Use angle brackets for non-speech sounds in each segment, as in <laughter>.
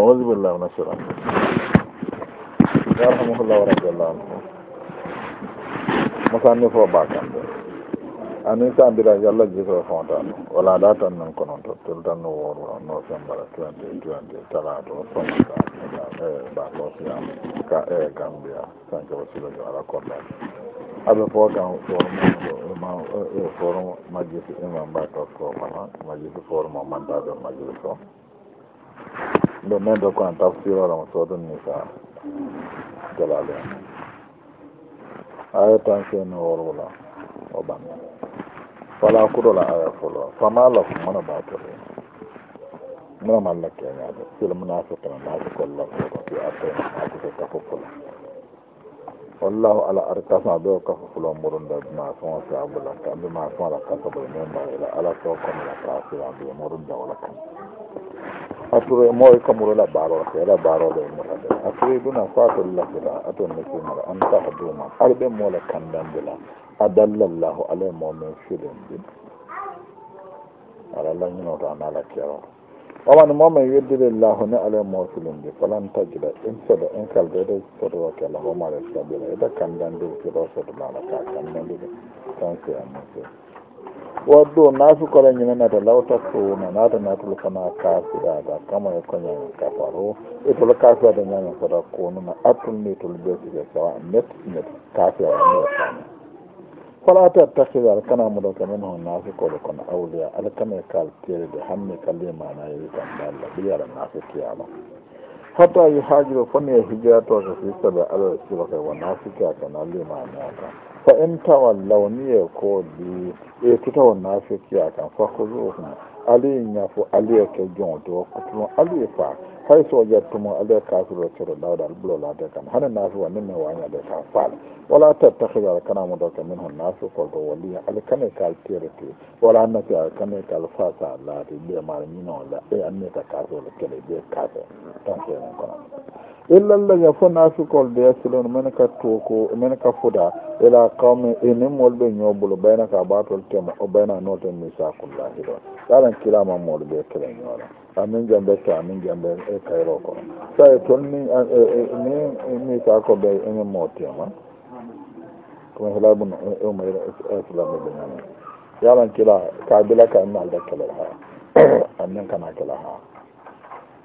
أعوذ بالله من الشيطان يرحمه الله ورضي الله عنه مسانني فو باكان دي ani sandira yalla jiko fontano wala datan nan kononto tol tan no woor wa no sembara twenty twenty talato somaka e balo siyam ka e gambia sanke wa silo jo ala korda abe fo gan forum ma forum majjiti imam ba tokko wala majjiti forum o mandado majjiti ko nde nden do ko en tafsiroɗomo sodon ni ka jalale en ayetan seno worwola o ɓanna fala kuɗola aya folo famalaku mona batore mona mallakeñade sila munafiqina laaji kollaoo fi atayna hakute kafofula wallahu ala ar kasma ɓe o kafofulo murunda bima fon sabula ka bima fon la kasabula membayila ala sokomla kasira bi murunda wala kan atore moy kamuro la baroke la baroɓe mutade atore duna fato lafira aton nekimara antah duma arɓe mola kandandela a dallallahu ala momin filindi ala lañinoto anala kero awani momin weddire llahu ne ala mo filindi falan tajida in soɗo in kalde ede sotoroke la homare sabira ede kandandir kiro sotolala ka kandandiri tanke a mosir waddu naafi kola ñimenata law takkuna naata natul kana kaasiraga kamo e koñaña kafaro etol kaasirade ñaña fota konuma attul nitul besike sawa net net kaasiraa e fala ata takkiri ala kana muɗo ke men ho naafi kole kono awliya ala kame kal teride hammi kalli mana yewi kam balla ɓi ala naafi kiyama hatta yo haajiro foni e hijiratoke fi sabi ala e siloke wo naafi kiyake nalli mana kam fa in tawan lawniye ko li e tutawa nafikiya kan fakoluhum aliy ñafo aliye ke jon do kotuno aliye fa hay so jettumo aliye kafiro coro lawdal ɓulo lade kam hane nafiwa ni min wañade ta faala wala tettahiyal kanamodo ke min hon nafikol to walli ali kane kal terete wala nafiyal kane kal fasa laade ɓemaɗa ñinola e annita kafirole kele ɓe kafe tanke kono illallah fo nafikol de yasilon mene ka toko mene ka fuda ila qawmi inin molɓe ñobolo ɓayna ka ɓatol tem o ɓayna noten misakullahi ɗon yalan kilama molɓe kele ñoola amin jambe to amin jambe kayro ko sawi toon ni ni misako ɓe inin mo tema comme helabun umar islam ɓeñami yalan kila kabila ka imalde kele ha annin kana kela ha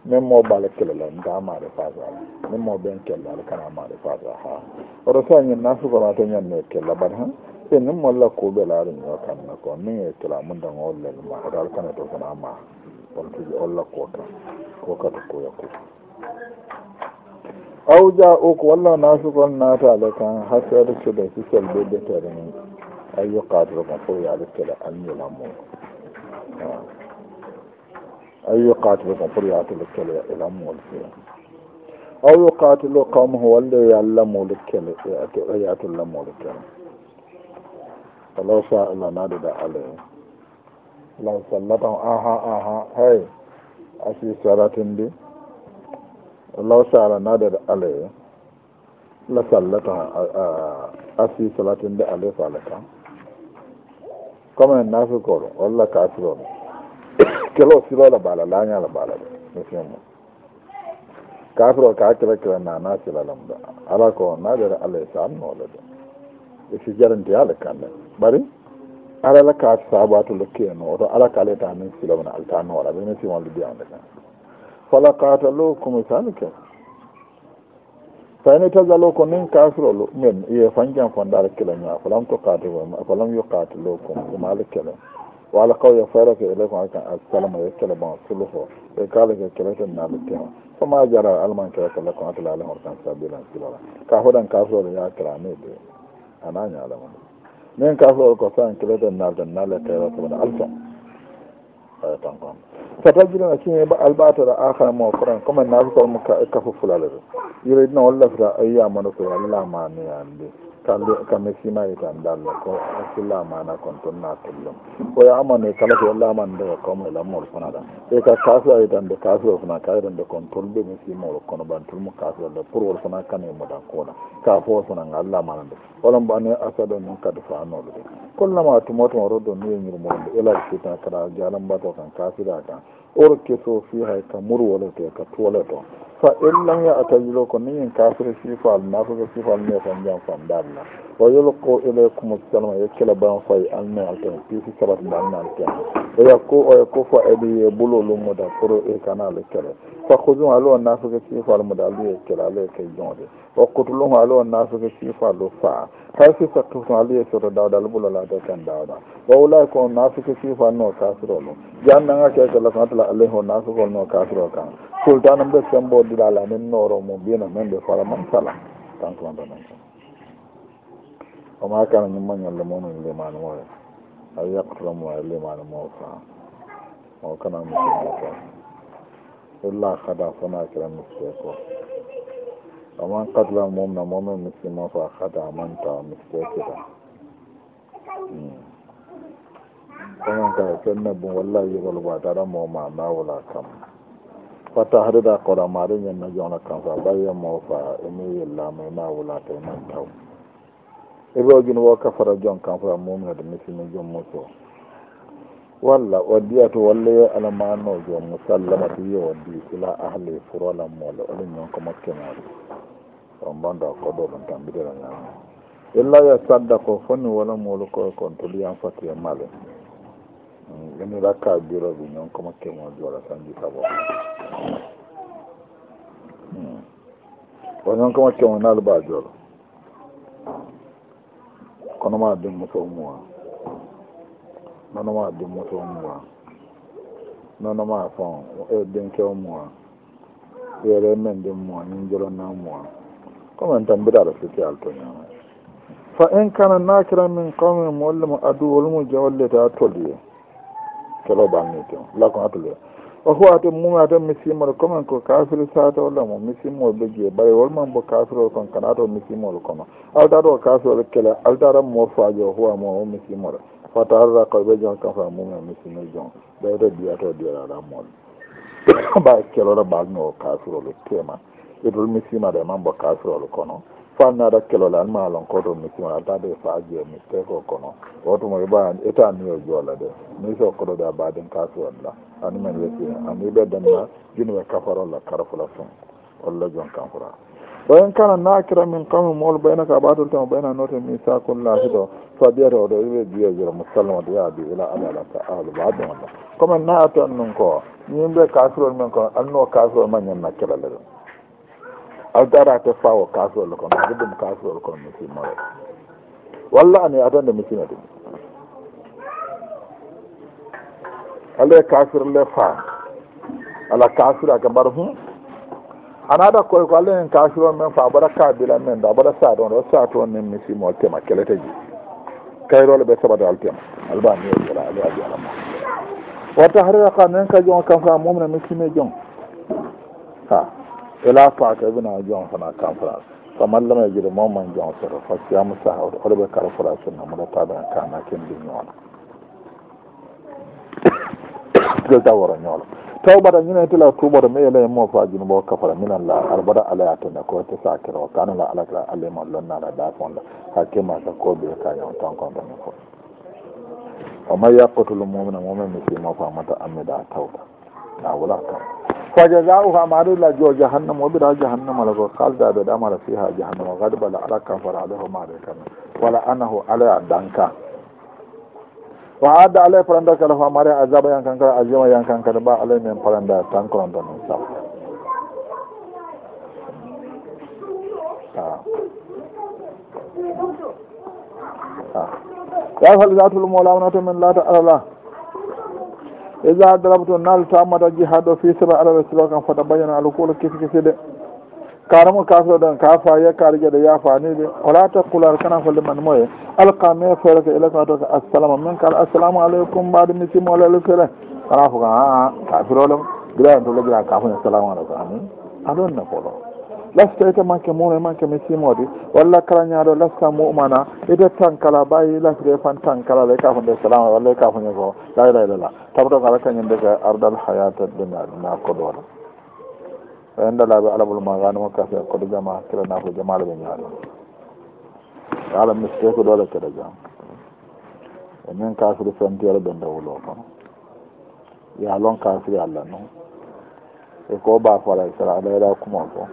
même mo bale kele la nga maɗe faga même mo ɓen kelle ala kana maɗe faga ha oto sa ñin na sugonate ñanne kella bat ha e ni mo lakkuɓe laaruño kamna ko min e kela mundango lelma oto ala kana to kana ma ontuji o lakkota ko kata koyakku aw ja ok walla nasugol naatale kan ha seeɗa cude si sel ɓe ɓetere ni a yokkatirogon fof yaade kele almilamum أن يقاتلك فر يعتلكل إلى مولك أو يقاتل قومه ولا يعلمولكل يعتل مولكل فلو شاء الله نادد عليه لو سلطه أها أها هي أشي سرتن دي لو شاء الله نادد عليه la sallata asi salatinde ale salaka comme nafikoro walla kafirono <coughs> kelo silola baala lañala baala ɗe misimu kafiro ka kira kira nana silalam ɗa ala ko naɗere allah e samnole ɗe e si jarantiyale kamɗe ɓari arala ka sabatu lokkeno oto ala kala tamin silomene alta noora ɓe misimu alu diyande kam fala katalo kumi sanike tawni tagalo ko nin kafirolu min ye fanjan fondare kila ñaa falam to katifo falam yo katalo kum umale kele wa ala kawye fayrake ileykum aykan a kalama ye kele bon sulluko e kaalake keleke naɓe tema foma jara alman keleke lekon atala alam orkan sabila kilala ka hoɗan kaflore ya kira ami ɓe anaña alama min kaflore ko san kilete nalde nale kayra tomaɗa alfa ay tan kon sa tajirina kiñe ba albatere akara mo foran comme nafikolmo kafo fulalere yiroyidina wallafita ayiya mono ko alalamaniyandi tallu kamɓe simani tan dallo ko hakkillamana kon toon natel ɗum oya amane kala ko laman nde kawmoe lamol fanaɗa e ka kasuwari tan de kasuwol fana kaaritan de kon toon ɗumi simowol kono ban tolmo kasuwal de pour wol fana kane moɗan kona ka fo sona ga allamana nde walam mbane asaɗo noon kadi fanoɗo de kollama tumotuma roɗo niyoñirmol e de ela fitna kada jalambato kan kasira kan or keso fi hay e ka murwolete ka tuwoleto fa illanga a tajulo ko ni e in kafire sifal nafuge sifal mie tan jam fandarla wa yolko ilaykum assalama yekkila ban fay alme alten piisi sabatinde alme alten o yakku o yakku fa eɗi e bulolumuda pour i e kanale kere fakkudun alo o nafuke siifo almude alu ye kel alu ye kel jonde okkutulun alo o nafuke siifo alu faa hay si fattutun alu ye soto dawda alu ɓulo laada ken dawda o wulay ko o nafuke siifo anno kafirolu jannanga kekelakonatala alay ho nafukol no kafiro kan sultane mbe sembo diɗala min nooro mum mbino min ɓe falaman sala tanko wondonen ko oma kana ñimmañolle mono limanu mo a yaqtulamo a limanu mo faa o kana mi illa hada fona kira miske ko aman kadla mum na mome miski mo fa hada manta miske kita kaman ka kenne bu walla yigol ba dara mo ma na wala kam fata hada ko da mari nyen na jona kam fa baye mo fa imi illa me na wala te man taw ibo gin wo ka fara jon kam fa mum na de miski mi jom mo to walla waddiya to walleyo alamanojo musallama to wiya waddi ila ahli furolammole olin noon ko makkemaɗo on bando koɗo ɗum tambidiraam illa yo sadda ko foni walamolu ko e kon to liyam fatiye male ini mm, rakka e biroɓe noon ko makkemo jola sanji sabo mm. o noon ko makkemo nalba jolo kono ma dimmo fof mowa nonoma dimmoto muwa nonoma fon e dinkew muwa yere men din muwa ñinjolonna muwa comme en tambiraɗo fiki altoñama fa in kana nakira min qawmi mollemo adu wolmo jawallete a tolye keloɓanniten lakon atolye o huwate mumiate misimol commen ko kafiri sate wallamo misimol ɓe jee ɓay wolman bo kafirol kon kanata o misimol kono aldaɗo o kafirol kele aldaɗa mo faajo o huwamo o misimol fata har rakka ɓe jon kam fa mumen mi sino jon ɓeyto diyato diyata mol <coughs> ba keloto ɓalnoo kasirolu tema itol mi simade mambo kasirolu kono fannaɗa kelole an malon koto mi simaɗa tade faajo misteko kono otumo ɓa eta niyo joola de mi so kotode a baden kasirol la anumen wesi ani ɓe denna jinuɓe kafarolla karafula son olla jon kam fra wa in kana nakira min qawmi mawlu bayna ka batoltemo bayna note misakun lafido fa biyete oɗo ɓe biyejira musallamat yaadi ila alala taalu badumalla komin naata nun ko yimɓe kafirol min kono anno kafirol mañanna kelale ɗum aldarate fawo kafirol kon ɗum kafirol kon mi simmore walla ani atande mi sima ɗum ale kafirle fa ala kafir ake mbaɗa hum ana aɗa koy ko allah en kaasi on men fa aɓaɗa kaabila men da aɓaɗa saade on ɗo saatu on nen misimo tema kelete ji kayroole ɓe saɓata altema albamiyoɗira ali adi alama watta harira ka nen kadi on kam fra mumne misime jon ha ela paka wina e jon fana conférence so mallama e jiɗo momman jon soto fasiyamu saha oto hoɗo ɓe kala fora sunna moɗotaɓen kana kendi ñoona gel <coughs> daworo ñoolo tawɓata ñinantila tuɓoto mi ele mo fa juno bo kafara minan la arbada alaya tene ko te sa kero kana la alakla alema lonnana dafon la ha kemaka ko ɓe kañon tan kontani fo o may yakkotul mumina mumin mi simo famata ammida tawta na wala kam fa jazauha maɗoila jo jahannama o ɓira jahannama la ko kaldaɓeɗamara fi ha jahannama gadbala ala kamfara alehomaɗe kam wala anahu alaya dankan o adda alay paranda kala fa mari azaba yankankara azima yankankada ba alay min paranda tan koronta non sa yafal zatul molawna to min laata alala isa drabto nal tamata jihaɗo fi sira alala silo kam fota mbaƴana alakuulo kisi kisi de karamu kafiro ɗon ka fa yakkari gueɗe yafanide wala takkular kana folle man moye alka me feere ko ele kato ko assalama min kala assalamu aleykum mbaɗo mi simmolele fere kana foko a a kafirolem guidaɗon to leggira kafon assalamu aleykum amin aɗon nefoɗo lastoyte manque mumen manque mi simodi walla kala ñaɗo lasta mumana ide tankala bayi lasre fan tankala lay kafonde salama walla kafoñe ko layla ilala tabatoko ala kañumde ko ardal hayata ɗena ɗena koɗoɗa en ɗalaɓe alamol ma ganuma kafe koɗo jama keɗanako jamaɗo ɓe ñaaɗon ala miste ko ɗole keɗa jam e min kafiri fentiyere ɓe dewlo kon yaalon kafiri allah non e ko bafo alah sala ala yeɗa kumo fo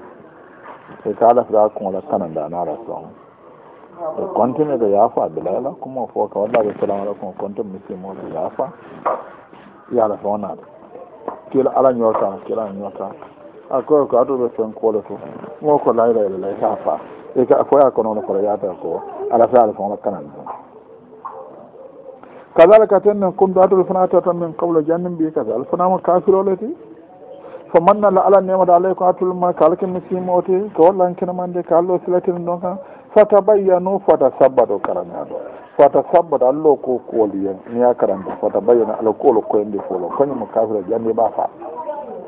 e ka ala fira kuola kananɗana ala son e contine ɗo yaafa bila ala kumo fo ka wallaɓe salamu alaykum contine misimo ɗo yaafa yaala fewnaɗe kila ala ñoota kila ñoota a koya ko aɗuɓe sen kuole to mo ko layla ila lay ka faa e ka koya ko noon kola yaada ko ala fale kon lakkanan noon kadalika tenne kumdo adol fana ta tan min qawle jannim ɓi kada al fanama kafirole ti fo mannalla ala nemada alay ko atulma kalke misimo ti ko wallankinama nde kallo silatini ɗon kan fatabayyanu fata sabbado karame aɗo fata sabbado allo ko kuoliyen niya karande fata bayyanu ala kuolo koyendi fulo koñemo kafiro jandi ɓa faa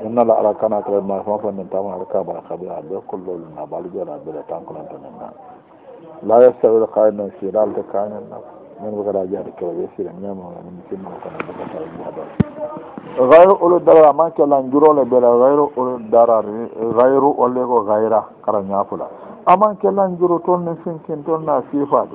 innala arakana kalema fafanin tama arka ba kabi abe kullolu na balgera bele tankulanta ni na la yastawi al qa'imun fi dalika kanin na من غير جاد كلو يسير نعم من كنا كنا بكتار جاد غير أول دارا ما كلا نجرو لبلا غير أول دارا غير أول غيره كرا نعفلا أما كلا نجرو تون نفين كن تون نسيفاد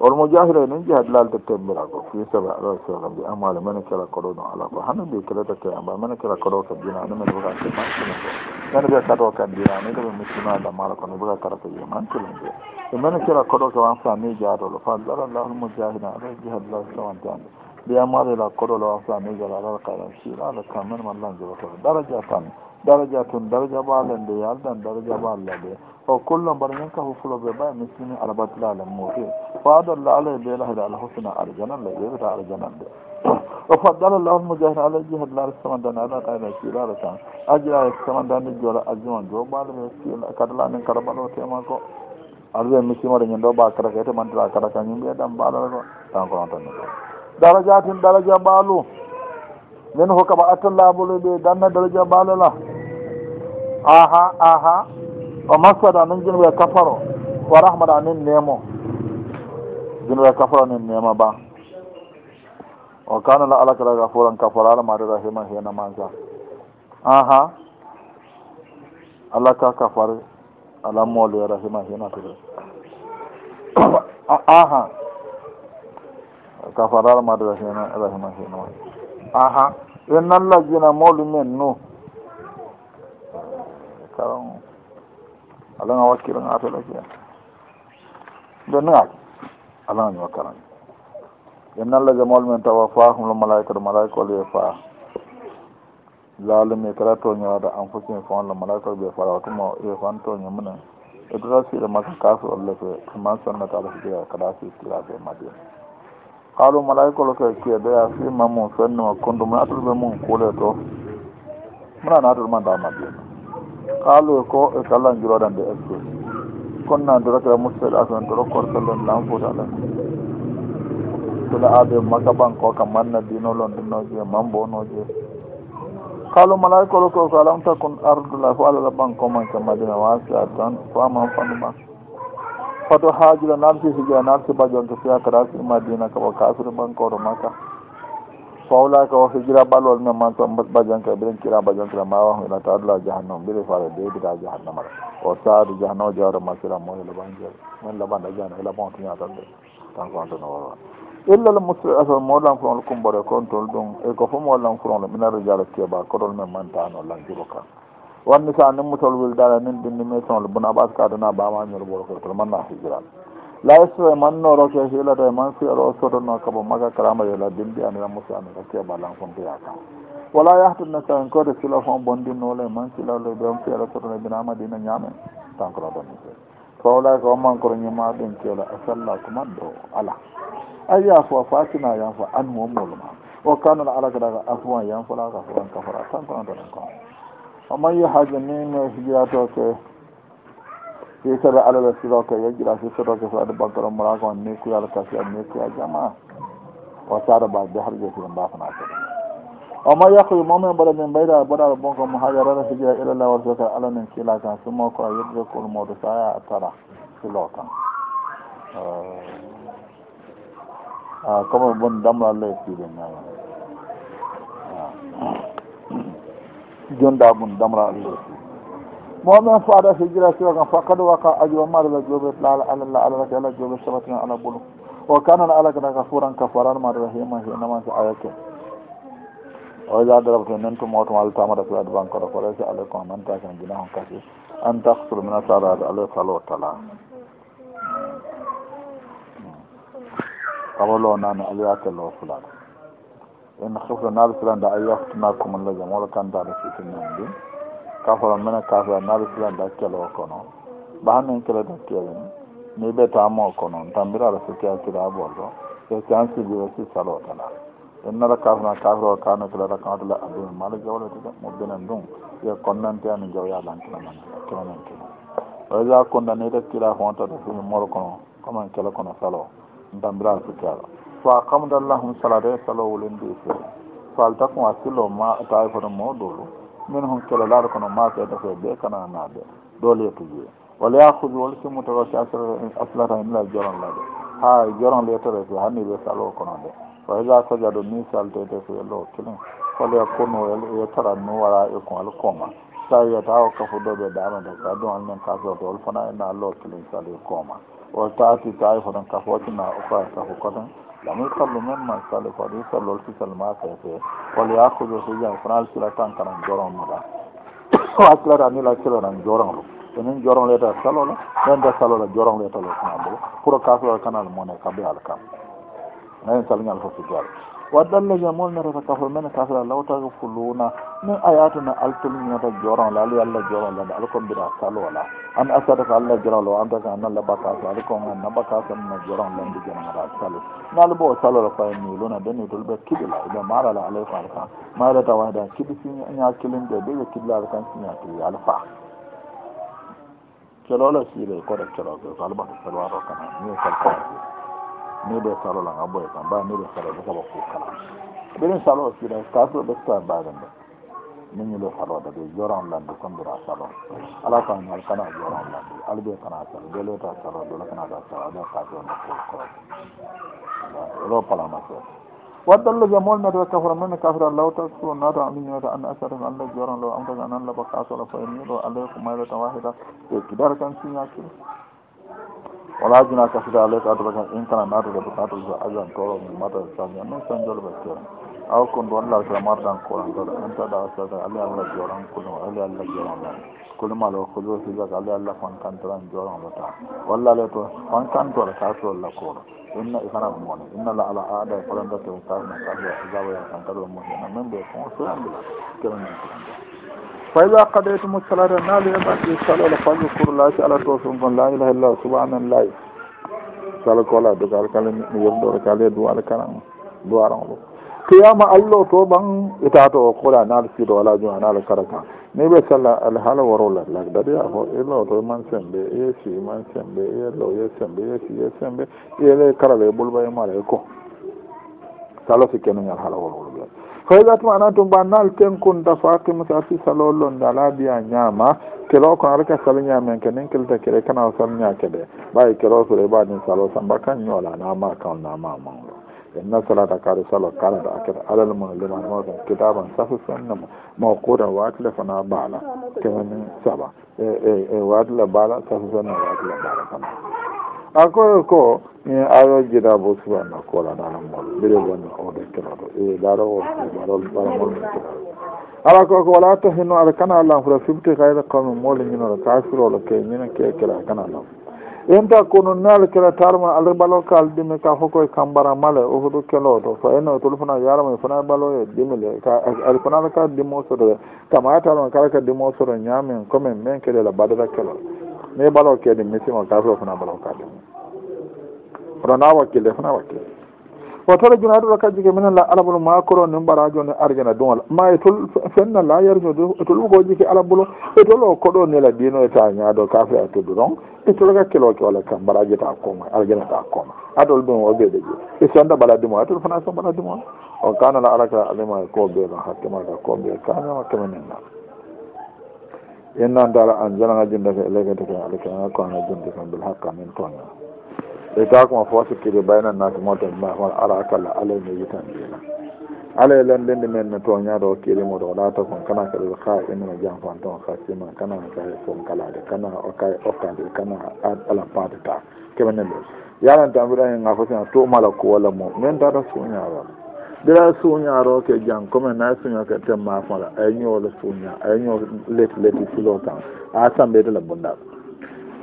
والمجاهرين إن جهد لال تتم براكو في سبع رأس الله دي أموال من كلا قرون على قو حنا دي كلا تتم أموال من كلا كرونا كبجنا أنا من بغا كمان كنا أنا بيا كرونا كبجنا أنا كلا مسلمان دا مالك أنا بغا كرونا كبجنا أنا كلا بيا من كلا قرون كمان فاني جارو ولا فضل الله المجاهرين على جهد لال سوان تاني بيا مالي لا كرونا ولا فاني جارو على القرآن شير على كمان مالان جوا درجة تاني daraja tun daraja ɓalen de yaldan daraja ɓalla ɓe o kullo mbaɗa ñen ka hufuloɓe ɓaye miskini albatilale muɗi faadalla alay be lahde allah husina aljanalla ƴewita aljanalde o faddala lawol mujahida alay jihad laare samandani alan ayna siilaare tan ajilaye samandani joola ajiman jo ɓaale ɓe si kadalamin kara ɓaɗo tema ko alwe misimaɗa ñin ɗo ɓa karaka ete mandira karaka ñimɓe ɗam ɓaalata ko tan ko nontanni ko daraja tin daraja ɓaalu min hokkaɓa attallaɓole ɓe danna daraja balola aha aha o masada min jinowe kafaro wa rahmata nin nemo jinowe kafaro nin nema ba o kano la alakaraga foran kafara ala mate rahima hena manga aha alaka kafare ala mole rahima hena tere <coughs> aha kafara ala mate rahina rahima hena manga aha ɓe nallagina molu men nu kaon alaga wakkilangatalakia ndenngaaki alaga mi wakkalani ɓe nallaga molu men tawa faahum lo malaika ɗo malaika o lee faa laalumi kata toñoraɗa an fokimi fon lo malaika o ɓe fara watuma efan toño munen e dota siɗa makka kaafe olle fe amansannataala fijira kada fi tiraɓe madina haalu malaikolo ke keedo ya fima mum fennuma kondumu natoto ɓe mum kuule to mona natotoma damaɓe haalu e ko e kallan jiroɗan de est ce que kon na dirakea e mustaɗa fen toɗo korsallon lan fotala tona aɓe makabanko ka manna dino londinoje mambonoje kalu malaikolo ko ko alamta kon ardula fo alalaɓankoman ke madina wasa tan faman fanuma fato haajula namtisi ge a namti baƴonto fiya karasi ma dina ka o kafiri mankoro makka fawlaka o hijira ɓalwol men man soo baƴonka mbiɗen kiira baƴonkira mawa hinata adula jahannam mbiɗe fare deebida jahannamaɗa o saadu jahanna o jawre masira mo e laɓangel min laɓanɗa jahana e laɓon tuñatande tan konto no wolwa illal musiɗatol molan furol kumbore kontol ɗum e ko fo molan furol ɗum ɓinata jara e keeɓa koɗol men mantano lanjuro kan wanni so a nimmutol wildare nin dindi mi tonol bona ɓas ka dona ɓamañol ɓol kotol manna hijira lay so e mannoro ke hilata e man fiyaro o sodono kabo maga kalamayola dimbi anira musi anira keɓalan fontoya kam wala yahtunne ka en kode kilo fon bondi nole e man kilale ɓen fiyaro sodono binama dina ñaame tankono donnite towlay ko omankoro ñima ɗin keela e sella kuman do ala ayya fo fatina yan fo anmo muluma o kanola ala kadaka afuwan yan folaka fowan kafara tankono donen kon oman yahad min hijiratoke fi sabi alala siroke yajira fi siroke sade bagaro morako a nikuyal kasi a nikuya jama wa sara ba de harje fi mba fana ko oma yakuy momi boɗa min mbayda boɗaɗo bonko mo hajarara hijira ila la war soke ala min kila kan sumo ko a yedde kol modo saya a tara silo kan comme bon damla ley fiɗi nayo ah. jonda mum damraɓe he momin fo ada fejira sewakam fa kadu waka ajuba maɗa la joɓe lala alalla alalake ala joɓe sabatima ala ɓolum o kanana alakadaka furan ka faranmaɗa hema he namanke ayake o ja darabto nen to motom al tamada ko wade bankoro ko rese alay kon nantakan gina hon kasi an taxsul mina salade alay falo tala hmm. hmm. awolo nane aloya telloo fulaɗa en sohla naalisilande ay waftuna commune la jam walla kantaɗo fitinen ɗum kaforo mene kafa naalisilande hakkele o kono ɓahannen kele dakkele mi ɓetamo kono tambiraɗo soki hakkile aɓoldo ecansiɓiɓe si salotala en nara kafna kafiro kano kele rakamatale adumi mala jawletede mobinen ɗum ye konnanteani jawyalankinaman kinamen kino oja kundani dakkila fontata fimi moro kono commen kele kono salo tambiraɗo sokialo fo a kamdallahum salade salowolen ndi fe falta kon a killo ma tawifono mawɗolu min hon kelolaɗo kono maseeda fe ɓe kananaɓe dole yetto jeyi wala yakhude wol kimmutoro si aslata mila joronlade ha joron leyetere fe hanni ɓe salo kono de fo ega soja ɗo ni saltede fe lo kilin kole kono yettara nu wala e kon al koma sa wiyata o kafu ɗoɓe damede ka ɗum almin kasoto wol fona ena lo kilin sali koma wol taati tawifoɗon kafu wacina o koa kafu koten lam yusallu même man salli ko yusallu ol sisal ma fefe wala yakudu hijama fona al sila tankanan joron mula wasilata ni la silanan joronlu enin joron leta salola men de salola joron letalo sinabulo pour kasolal kanal mone kabe al kam nayin salñal fo sigal wadda lesin mol nerata kafo men kafira law tago fuluna min ayatuna altolñota jorola ala allah jorola da alkon mbira salowala an asada ko allah jorola an taka an allah bakaso alkon a naba kasonna jorola ndi jonoara salo nal bo salola fay miluna denitol ɓe kiɓila ɓe marala alay fa alkan mayrata wayda kiɓi siña kilinde ɓe ɓe kiɓila alkan siña kili al fa kelola sire koɗa keloke ko albata selwaro kana mi kalkaji niɗo salo lang a ɓoye kam mba niɗo salo ɓe saɓa kukala ɓirin salo sira kasuo ɓe sutaɓe mbaɗen ɗe miñilo salo dade joran landi comdira salo ala kamal kana joran landi alɓe kana salo deleta salo dola kanaga salo aɗa kasuo nokko koɓe ro palama seeɗ waddalloje mool metoe kafra mene kafra law taksu nata aminata an asadan allah joran law amtaka an allah ba kasola fayniɗo alay ko mayleta wahida ɓe kidara kan signa kiri wona duna kafida alay ko adoba kan in kana natude ba natude so agan toro mata samia non san jolo ba tere aw kon do Allah ta mardan ko an do en ta da sa ta Allah Allah joran ko no Allah Allah joran ba kul ma lo kul fi ba Allah Allah kon kan tan joran ba ta walla le to kon kan to ta to la ko inna ifana mo ne inna la ala ada ko lan da to ta na ka ya zawo ya kan ta do mo ne men be ko so an do ke non ni fa ida kadaytumu salata naali ebaɗi salola fajukurlaki ala tosongon la ilaha illallah subhanallah sala kola doga alkala mi yerdoro kala e duwale kalan duwaran ɗo qiyama allo to ɓan itato o kola naala siido wala juma naala karaka ni ɓe salla alhaala warola lak dadiya fo illo to man sembe yesi man sembe yello ye sembe yesi ye sembe yele karala e ɓolɓa e mara e ko salo si kenoñal haala warola fayga tuma ana tum mbannal ten kon dafaake musa arti salol lon nde ala diya ñaama kelo kon arka salñaamen ke nen kelta kere kana o salñaake ɓe ɓay e kelo sore mbaɗin salo samba kan ñoola nama kan nama manglo enna salata kaari salo kalata akata alal mum limanmaɗum kitaban safi fenne mo ma kuuta waatile fana baala kewanin saba e e e waatile baala safi fenne waatile baala kama encore ko min ayo jiɗabo subahana kolaɗaramol mbiɗe gonno o dekkiraɗo e daro o ɓarol ɓaramol dekkiraɗo ala ko ko wala tahino ala kana lanfura fiɓte kayta kamɓe molle ñinoɗo kafirolo ke ñina kekira kana lam enta kono nal kira tarma alay ɓalo kal ɗime ka fokoye kambara male o hoɗo keloto so eno tol fana yarama fana ɓaloye ɗimile kaal fanal ka dimosoɗo kama tarma kala ka dimosoɗo ñamin commen min keɗela baɗeta kelo mi ɓalo kedi misima kafiro fana ɓalo ka ɗimo onona wakkille fona wakkille wa tara junaɗo ɗo kadi ke minen la alabol makoro nin mbarajo ni argana dugal ma e tol fenna la yarjo de e tolɓugoji ke alabolo e tolo koɗo nela dino e ta ñaado kafe a tuddu ɗon e tolga kiloke walla kam mbaraje ta koma argana ta koma adol ɗum o beeɗe ƴe e sonda mbala dimo a tol fana so mbala dimo o kana la alaka alima e ko beeɗo hakke maga ko mbiye kane wakke minenna innan dala an jalaga jindeke e leketeke alikeaa ko ana jindekam bil hakka min toña e kakuma fo sikkiri baynan naati motan ma hon ala kala alay no yitan ɗila alay e lanndinde men mi toñaade o kirimo ɗo ɗata kon kana kadi ha imno jan fan ton hakkima kana kay e fon kalade kana okay e okkade kana ala pade ta kemene lel yalante mbiɗa hen ga fosina tumala ku walla mum min tata suñaro ɗira suñaro ke jan commen nay suño ke temma fola ay ñowla suña ay ñow leti leti filo tan a sambedela bundaɓe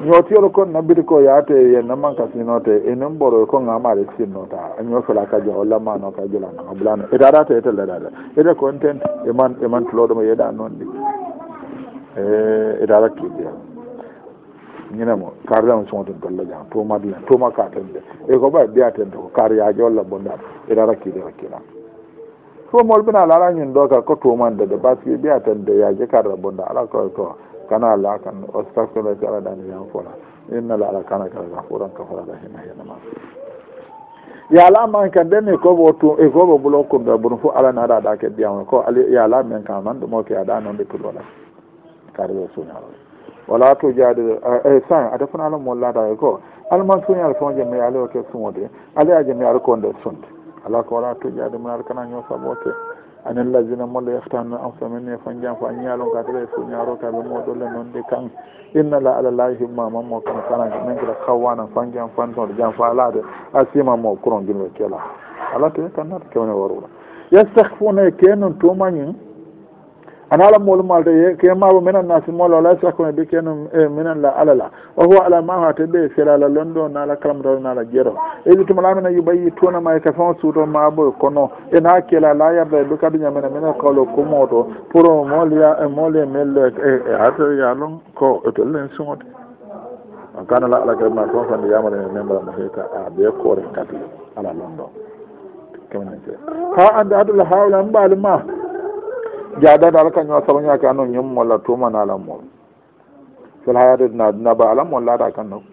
ñootiyolo kon nabbiri ko yaate yenna manka sinote enen ɓoroy ko gamaade sinnota ñoofela kaja o lammano ka jolanaa bulano eta ata e, e telle ɗaɗa ete ko ntent eman eman tulooɗoma yeeɗa noon ɗi etaɗa e kiɗiya ñine mo kardeno sogoten tolla jan tumadlen tuma katen de e ko ɓay ɓiyatente ko kariyaje walla bondaɗ etaɗa kiɗi ta kiɗan fo molɓina lala ñin ɗo ka ko tumande de par ce que ɓiyatende yaje karra bonda ala koy toa kana ala kan obstacle ke ala dani yan fola inna la ala kana kala ka furan ka fola la hima hina ma ya la man kan den ko bo tu e ko bo blo ko da bon fu ala na da da ke biya ko ali ya la men kan man do mo ke ada non de ko wala kare do sunya wala to jade e eh, eh, san ada fana mo la da ko alman sunya fo je me ale o ke sumode ale a je me ar ko nde sunte ala ko wala toƴƴade mumen alkana ñoofaɓoote anen lazina molla yaftanu enfamine fo jam fo a ñaalon ka tagay fo ñarotaɓe moɗolle noon de kan inna la ala lahimma mammo kan kanaka nangira kawwana fan jam fantode jam fo alade a simammo couron guinwe keela ala te kannata kewne warwla yastahfuna e ke noon tumañin ana ala moolumaal de ke maaba minen na si moolo ala sakkone de keno minen la ala la o fo ala mawa te ɓe feela la lonɗo na ala kalamtaro na ala jero eyi tuma la mina yuɓa yi tuunama ka fen suuto maabo kono ena keela la yarda ɓe kaduña mine mine kawlo kumo to pour moolya moolye mille e ato yaalon ko tolen suŋode kana la alagre ma fen fande yamarene membra mo heyta a ɓe koore kadi ala lonɗo kemnae ha ande adala hawla mbaali ma jaadade ala kañum a sabañaka ano ñum walla tumana alammol fel hayade naba alammol laada kanno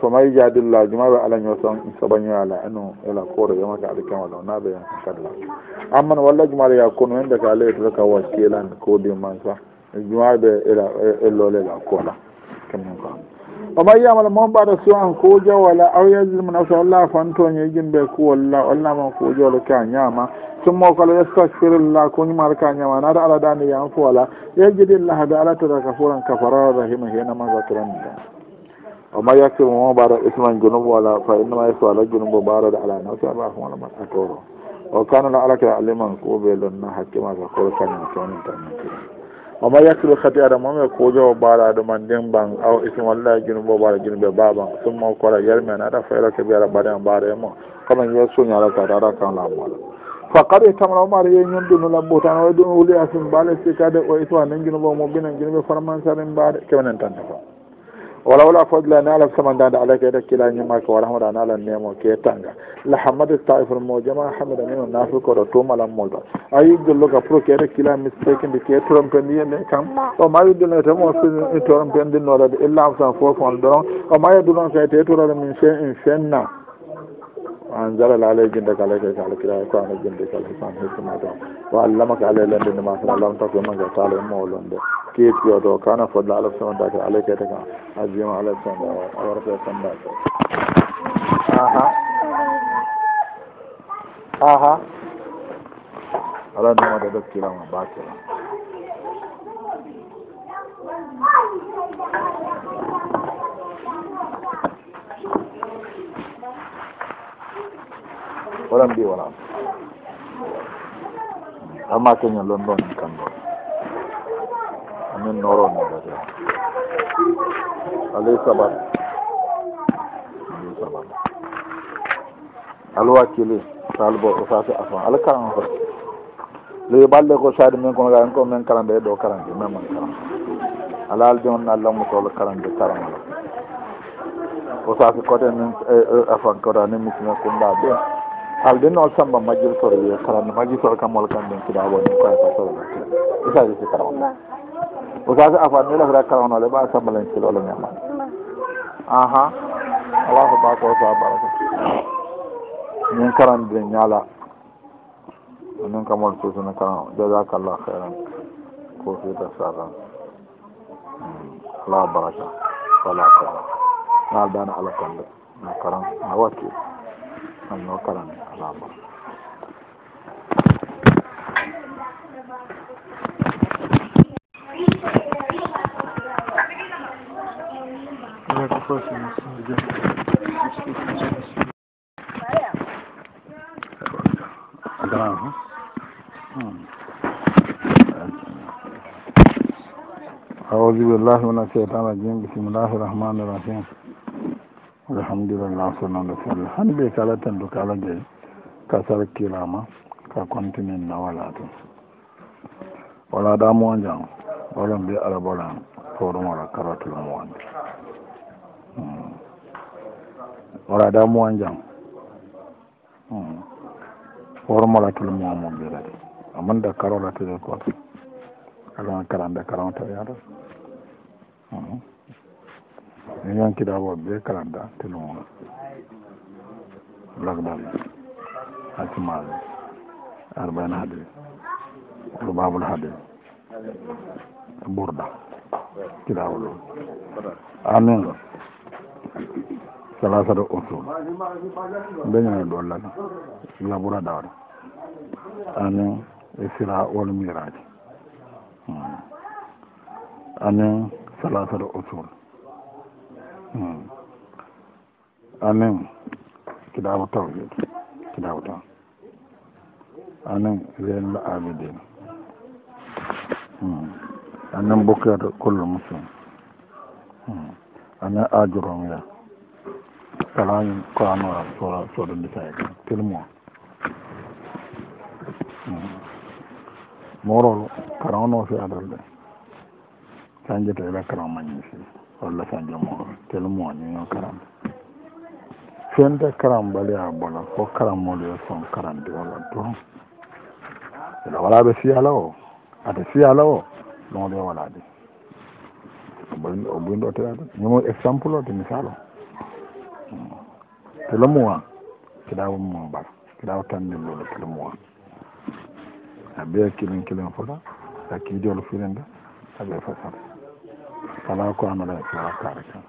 so mayi jaadillaji maɓe ala ño son sabañoy ala eno ela koore yemake aɗa kewaɗo naɓe kadla amman walla jumaɗa ya konu hen de ka leyti ta ka wa kiilani kodi man sa jumaɓe ela ellole e ga koola kamnon ko am oma yiyama la mombaɗo suwan kuujo walla aw yallimu nafsa wallah fantoñe jimɓe kuwolla wallama kuujolo ka ñaama summo kala yastacfirullah kuñumata ka ñaama nata ala dani yan fo wala yejidillah de ala tataka furan kafarara rahima hena magatranda oma yakkirmo mombaɗo isman junub wala fa innama yesu ala junubo ɓarode ala nafsi abafumalamat atoro o kanala alakira alliman kuɓe lonna hakkimaka kolo kañana kewnin tannakiri mama yakkilo kati ara mame kojowo baalaɗo man ndin bang aw itimalla junu bo baala junu ɓe babang summo kola yermen aɗa fayro keɓi ara mbaɗen mbaɗa e mo kono yo soñala kata ara kan lamola fa kaɗo tamra omar ye ñonɗu no lambuta no waɗi ɗum wuli asim mbaale sikade o itowa nden junu bo mo binen junu ɓe formansarin mbaɗe kewnen tante fam wala wala fodila ni alam samandade ala kede kila ñamake warahmada ni ala nemo ketanga la hammade taifr mo jama hamida ni no nafi koɗo tumalam molba a yiddolloga pour kede kila mistakede ke trompendi yene kam o ma yiddol ne tamo trompendinoɗade illa am san fofon donon o ma yedduɗon kay te torade min fe in fenna an jarala alay jinde ko alayka ko alakira ko ana jinde ko alaysan hikma do o allamaka alay londinde ma sana lam tako mangga taala e mowlonde kettiyo do kana fodla alaf somadake alaykayde ka a jima alaf somda awarate sondake aha aha alanumode dokkilama bakilam waɗan mbi wona amma keñol lon ɗon en kan ɗon amin noron nogati alay sabat alay sabat alwakili salbo osaasi afan ala karan ho loyi balɗe ko saadi min kono ga en ko min karanɓe e ɗo karanke min man karan ala al jon na lammotolo karanke karanala osaasi coté min eh, eh, afan kota ni misme kumɓa ɓe haalde noon samba majjir toro wiye karanne majjir toro kam mol kam ɗen kiɗa woni koyata soronat i sagisi karaw o sasi afat ni lafira karawnole ɓa samba len kilo le ñaman aha ala ko ɓako sa baraka min karandiɗe ñaala onin kamol susine kara jajakallah heran kofita e saran ala baraka wala kara naaldana ala konde no karan a wakki allah hokkalami alaabal أعوذ بالله من الشيطان الرجيم بسم الله الرحمن الرحيم alhamdulillah fonono folle hande kala ten to kala de ka sar kilama ka continuen nawala ton wala damuwa jang walon be alabolan foro wala karatulam wande wala damuwa jang foro mala tulumuwa mobirade aman da karolatede ko alaa karande karantayata Mm-hmm. en yonkidawoɓe ɓe kalanda telemo blogdal hatimal arbane haade oɗo babol haade bourda kidawol o amin salasado oto beñane ɗollal labura dawar amin e sira wolmiraji hmm. amin salasado otol Hmm. amin kidaabu taw kidaabu taw amin wenla amidin hmm. anen bokkeeto kollo musum hmm. anen ajurom ya kalañu koanora sora soɗo ndisaye ka tilmoa morolo karaw no fiyadal de cangetee la karaw mañi fii walla kanjo moo tenu mooñiño karande fende karam mbaliya bola fo karammoolu yo son karandi walla don ela walaɓe fiyala o ada fiyala o ɗonɗo yo walaade o buyndo teɗaɗo ñemo exemple o de misal o tele mowan kiɗawo mum mbal kiɗawo tanndillolo tele mowan a ɓeya kilin kilin fota sa kiidiolo firinde aɓe fofata ala ko amala sakare e tan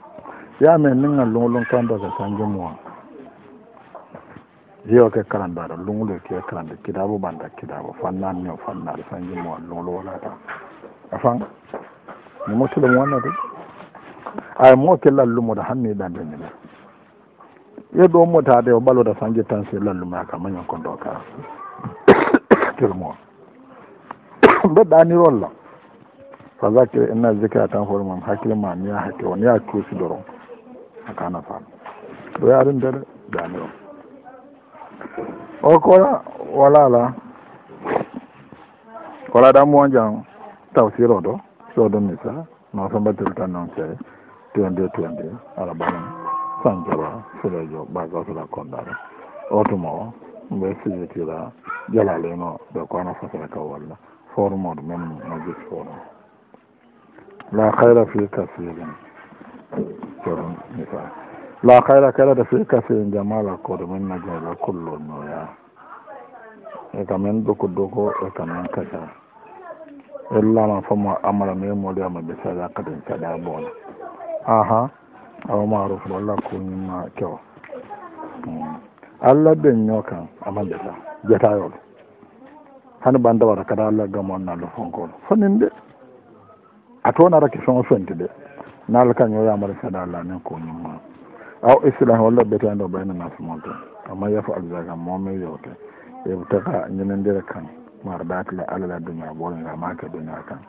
yami ninga lunglung kambaka kanjumwa yo ke karandara lunglu ke karande kidabu banda kidabu fannan ni fannan fanji mo lunglu wala ta afan ni motule mo wonade ay e mo ke lallu mo da hanni dande ni ye do mo ta de balu da fanji tan se lallu ma ka manyo kondo ka <coughs> kelmo <coughs> be dani rolla fa zakir inna zicra tan hoore mum hakkille ma miya hakkil on yaha tuusi doron akana fan ɗo yaarin dere jaani on o kora walala wala ɗammuon jan tawsir o ɗo soodo misa nosombatiri tan noon cey tuwendi tuwendi arabana sanjara sulejo basasula kondare o tuma o mbe sijitira jalaleno ɓe kono fasara ka walla forumoɗo men no jis forum la hayra fi kahirin jorum nifa la hayra kaylata fi kahirin jamala kore min najaga kullo noya e ka min duku duku e ka min kaca illama fomo amala mi moliyama ɓe sada kadin caɗa boona aha awa maruf walla kuñima kew hmm. allah ɓen ño kan ama ɓeta jetayol hani ɓandawara kada allah gamonnallo fonkolo fonin de a tonara question o fenti de nala kañ o yamare saɗalla nen ko ñumma aw islahe walla beteno ɓayno nasmonte amma yafo aldiagam momi yewte eɓe taka ñenendire kan mar datila alala duña ɓolega make duña kan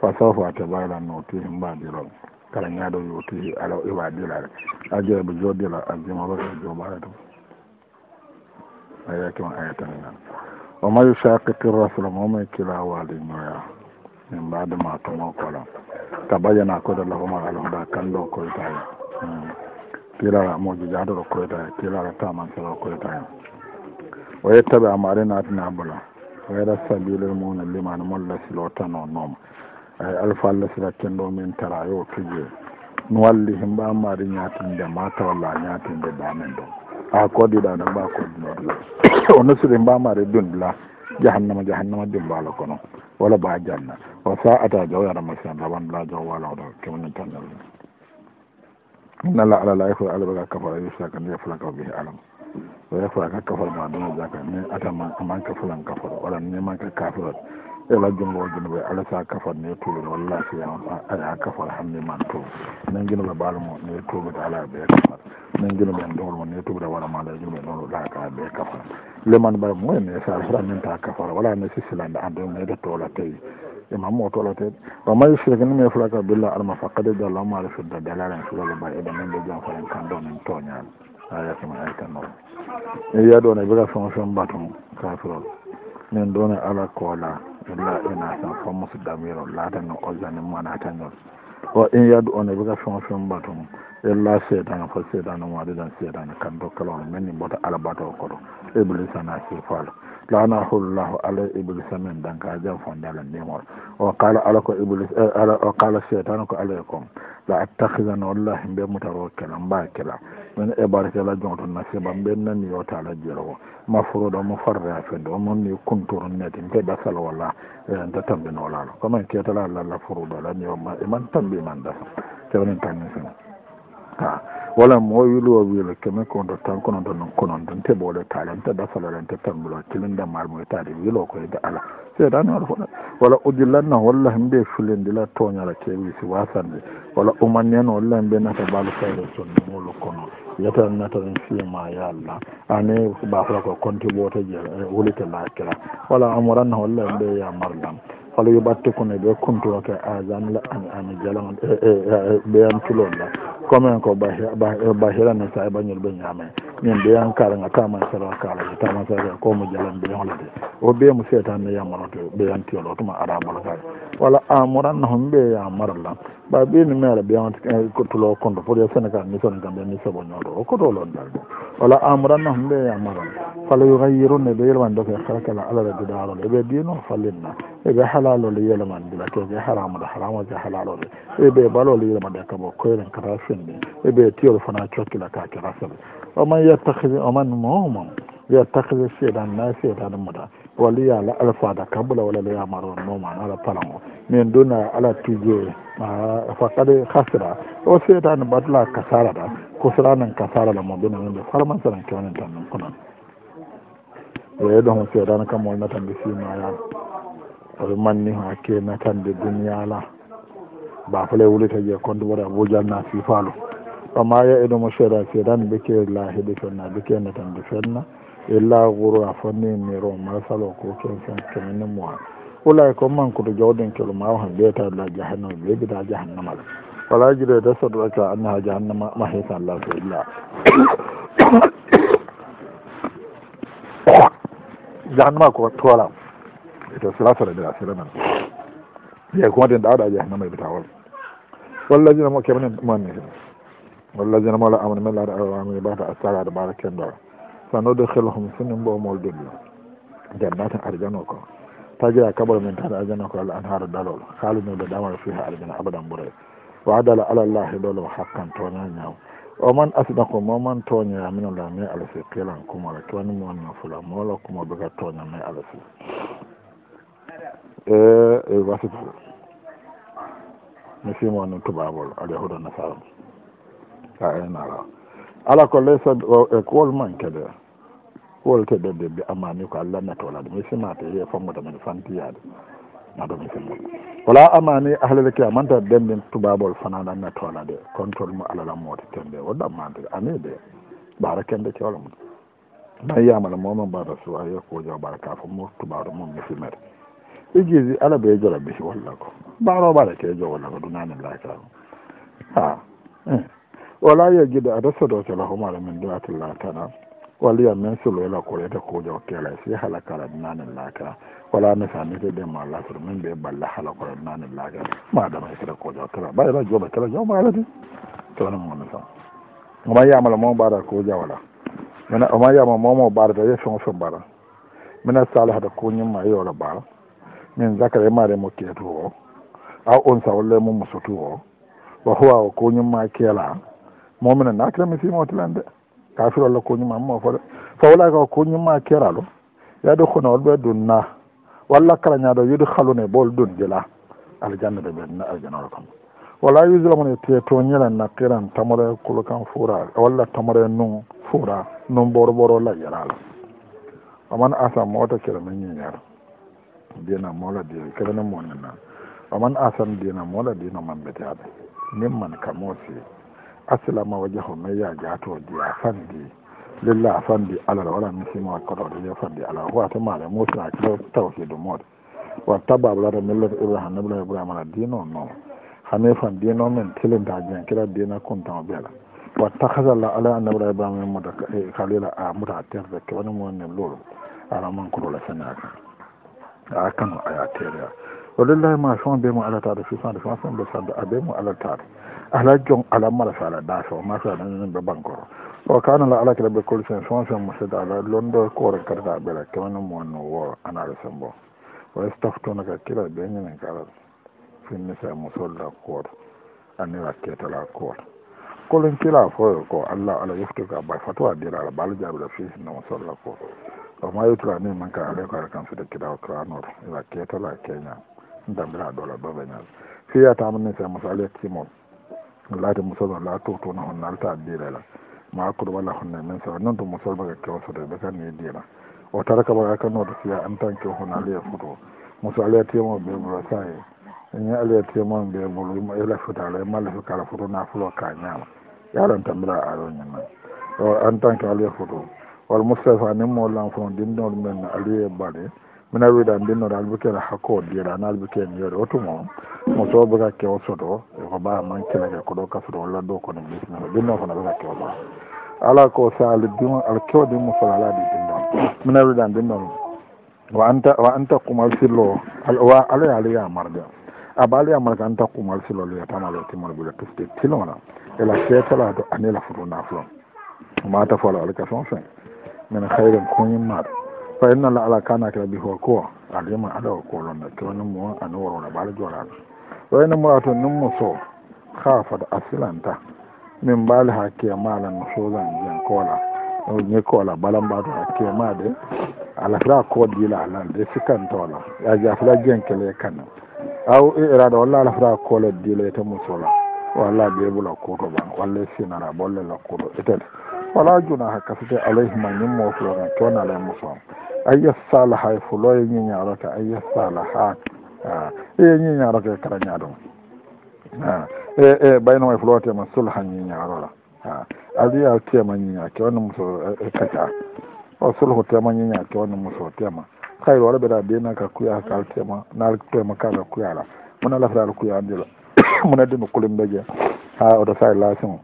fa sawfa tabayla no tihi mbadirol kala ñaɗo yo tihi ala iwa dilare a jeeɓe joɗdila ajimalo e joɓareto a yakima ayatanigan o mayu sakitir rasula momi kila wali ñoya min mbadema tomo kolo tabaƴana koyta lafoma alahoda kanɗo koyta he tirara moƴo jaato ɗo koyta he tirara taman sara o koyta he o yettaɓe a mari natina bala wayra sabilel mumne limane mon lasilo tan o noom ay e alfaalla sira kenɗo min tara yo tuje no walli himɓa mari ñatinde ma tawalla ñatinde damen ɗo a koɗiɗa ne mba koɗinoɗo <coughs> o nasiri himɓa mari dundila jahannama jahannama dimbalo kono wala ba janna o sa ata jaw yara masiyan laban la jaw wala o da kemani cangal nala ala la ifo ala baga kafara yi saka ni fula ka bi alam wa ifo aka kafara ma dana jaka ni ata ma amanka fulan kafara wala ni ma ka kafara ela jongojin we ala sa kafat ne tuulude walla siyama aya kafat hande man tuu nan nginola baalu mo ne tuulude ala ɓe kafat nan ngino ɓen dogol mo ne tuude wara maɗa jinɓe noolu laka ɓe kafat leman ɓara moye ne sa sara minta kafat wala ne sisilande ande meɗe toola tawi imam mo toolateɗe wa mayi sirki ni me fulaka billa alma faqade dalla maali fidda dalaren sulale ba eɗe men ɓe jam faren kando nen toñaɗe ayakima ayka noo e yiya ɗone bega fen fen batum kafirol min done ala koolaa en laaɗena tan famma so damiron laatano olsanin manatanol o in yaadu on e ɓega fen fen mbatum yalla seedana fo seedana waɗidan seedana kanto kala on mainni mbota alabato koto iblisana sifalo لعنه الله على إبليس من دنك أجل فندل النمر وقال ألك إبليس أه، أه، أه، وقال الشيطان عليكم لا أتخذن الله بمتوكل باكلا من إبارك لا جنت النسيب بينني وتعالى جلو مفروض مفرع في الدوم أني كنت رنيت إن كيدا سلو الله أنت تنبين ولا لا كما إن كيدا لا لا فروض لا نيوم إمان تنبين من دسم كيف ننتعني سنة wala mo wiilowo wiilo keme kondo tan kononde non kononden te ɓoole taalente dafalorente tambulo tilinde malmoytaade wiilo ko yide alaa seedani wata foɗa wala udilanna holla hembe fulindila toñala kewisi wasande wala umannen holla hembe nata baalo fayre sonni muulo kono yetan natan fiima ya allah ane baafra ko konti ɓoote je wulite eh, laakira wala amoranna holla hembe ya marlam fala yuɓatte kone ɓe kuntuwa ke agamla an ane jalaɗe ɓeyan e, tulolla commen ko ba hirane sa e baño ɓe ñaame min ɓeyan karaga taman sara kalaje taman sara komo jalan ɓeyonlade o ɓeyemo setanne yamonoto ɓeyantiyolo tuma arabolo kay walla amoran na homi ɓe ya maralan ɓay ɓeni maire ɓeyawanti e, tulo kondo pour yo sénégal ni sénégal ɓe ni sobo ñooto o koto lon dal walla amoran na homi ɓe ya maral fala yuhayirunne ɓe yelmandoke karakala alara didarole e ɓe dino fallinna eɓe halalole yelmandila keke haramode haramoke halalole eɓe balole yelmade kabo koyren kata finni eɓe tiyol fana cokkila ka kirasel oman yettahidi oman momom yettahidi seedan na seedan moda walla yaala ala fada kamɓula walla ala yamaron nomana ala palan o min duna ala tijo ma fa kadi hasira o setani batla kasarata kosiranen kasara la mobina min e ɓe farmansanen kewnen tan min kunan eyi ɗom setani kam ol natande simayan oɓe manni ha ke natande duniala bafale wulita je konde waɗa wujalna sifalu o ma ye e ɗum o seeda seedani ɓe kewi laa heɗi fenna ɓe kewi natande fenna E laawuro a fanni miro masalo ko kenken kemene mowa wulay ko mankudo jawɗen kelo maw han mbiyata la jahannama mbeɓida jahannamal wala jire desoɗoɗaka annaha jahannama mahisa allah fa illa <coughs> jahannama ko toala eto slasore ɓira siremen ye kumaden ɗawɗa jahannama ɓita wol wol lasinamo kemenen ɗumanni hen wol lasinamola amane men laɗa awamibata astagade mbara kendora سندخلهم سن بو مولدين جنات أرجنوكو تجري كبر من تحت أرجنوكو الأنهار دلول خالدين بدامر فيها أرجن أبدا بري وعدل على الله دولو حقا تونانيا نعم. ومن أصدق ومن تونيا من الله مي ألسي قيلا كما ركوان موانا نفلا مولا كما بغا تونيا مي ألسي إيه إيه واسفو نسيمو أنو تبابول اليهود النصارى أين على على كل ليس إيه، كل من كده wolteɓe ɓeɓe amma ni ko allah natolade mi simate he fammuda men fantiyade naɗo mi e simmo wala amani ahlel kiamanta ɓenɗin tubabol fanaɗan natolade contrôle mo alalah moote tenɓe woɗɗa mande ani ɓe ɓara kende cewla mum mai yamala momin baba su aye kojo ɓara ka fo mo tubaro mum mi simere ijiji e ala ɓe jola bisi walla ko ɓaro ɓara kejo walla ko ɗunani lakar ha eh. wala yo jiɗo a resodo cola homara min duatillah tanam walliya min suloyila koleyta kujo kela si hala kala dinani lakira wala nesanite dema lasur min be balla hala kola dinani lakira madama kira e kujo kira bayra joɓe kira jomalati kewani mo misa oma yamala mo ɓaɗa kuja wala mina oma yama momo ɓaɗata ye son son ɓaɗa mina salihata kuñimma yola ɓaɗa min zakara mari mo ketu o a on sawolle mo musutu o wa huwa o kuñimma kela momina nakira mi simotilande kafir walla koñuma mo fole fa walaka ko koñuma keralo yaade kono wol ɓe dun na walla kala ñaado yiɗi halune ɓol dun jila aljanna de ɓe aljanaro kam wala usilamone te to ñelen na qiran tamore kulo kan fura walla tamore nun fura nun ɓoro ɓoro la yeralo aman asa moota kere me ñiñer dina moola di kerene moñinna aman asan dina moola dina mambeteaɓe nin man kamo si assalama wa jeho mai ya jato di a fandi lilla a fandi alal wala misimawa koɗoɗe yo fandi ala wata male mosina kilo tawsidu mode wa tababulata millat ibrahim nabila ibrahima ala dino no hane fan dino min tilinta jen kira dina kontan beela wa takasalla ala nabila ibrahima e mota e kalila a mota terde kewani mone lolo ala mankorola senaka a kano aya tereya o lillahi ma fon bemo alatade fi fande fon fon be fande a bemo alatade ala jon ala mala so ala daso ma so aɗa nanimɓe bancoro o kanala ala kilaɓe colisin sonse musidɗo ala londo kore karta ɓele kemene mowanno wo analysin bo wayso taftuna ka kila ɓeñini kala finnise musolla kooto anira ketola kooto kolin kila foyo ko allah ala yefti ka ba fatowa dira ala ba ala jaɓila fisinde musolla kooto o ma yettula ni manka ala ko ala kan fide kidao tranoto iwa ketola keña dambira ɗola ɗoɓeñal fiyatamani se musa ala yettimol laade musolɓe la to toona hon nalta direla ma akkude walla honne min sa noon to musolɓe ka kewsodeɓe kan ni dina o tara kaba ga kanoɗo siya en tant que hono aliya foto muso aliya tiyamo ɓeɓolo sae ñi aliya tiyamo ɓeɓolo yimo ela fitala e malla fi kala foto nafulo ka ñama yalan tambira aroñi men o en tant que aliya foto walla mustapha nimmo lanfono dindol men aliye baɗe mina wiiɗan ndinnoɗo albukeene hakko o mbiyeɗan albukeene yoɗe otuma on mo soobo kakke o soto e ko mbawa mankilake ko ɗo kasoto walla ɗo kono bisimino ɗinno kono ɓe kakke o ɓa ala ko saali dima ala kewɗi musol alaaɗi ɗinnon mina wiiɗan ndinnon wa anta wa anta kumal sillo wa ala yaaliya marde aba aliya marde anta kumal sillo lya tamale timol bile pisde tilona ela keetalaato anila foto nafulon mata fo ala alkason fen min hayren koñimmaɗo fayinna la ala kanake rabi huwa kuwa arima ala o kuolonde kewani mowa ani worwora ɓaala joraɓe wayna muratu nin muso haafata asilanta min mbaali ha kiyamala no chosen jen koola ñi koola balambaato ha kiyamade alafila koodila alalde sikkantoola a jafila jenkele kane aw irade walla alafila koole dila ite musola walla bebula kuuto ban walla sinara bolle la kuuto itete wala juna ha kasite alayhima ñin mo fulona kewna alay musoma ayyasalaha e fuloye ñiñaroke ayyasalaha eyi ñiñaroke kara ñaɗum e e ɓayno e fulo tema sulha ñiñarola aliya tema ñiña kewne muso e kaca o sulhu tema ñiña kewne muso tema hayr wala ɓeɗa ɓe naka kuya kal tema nal tema kaga kuyala mona lafetala kuya ndila mona dino kulimbeje ha oto sa lasimo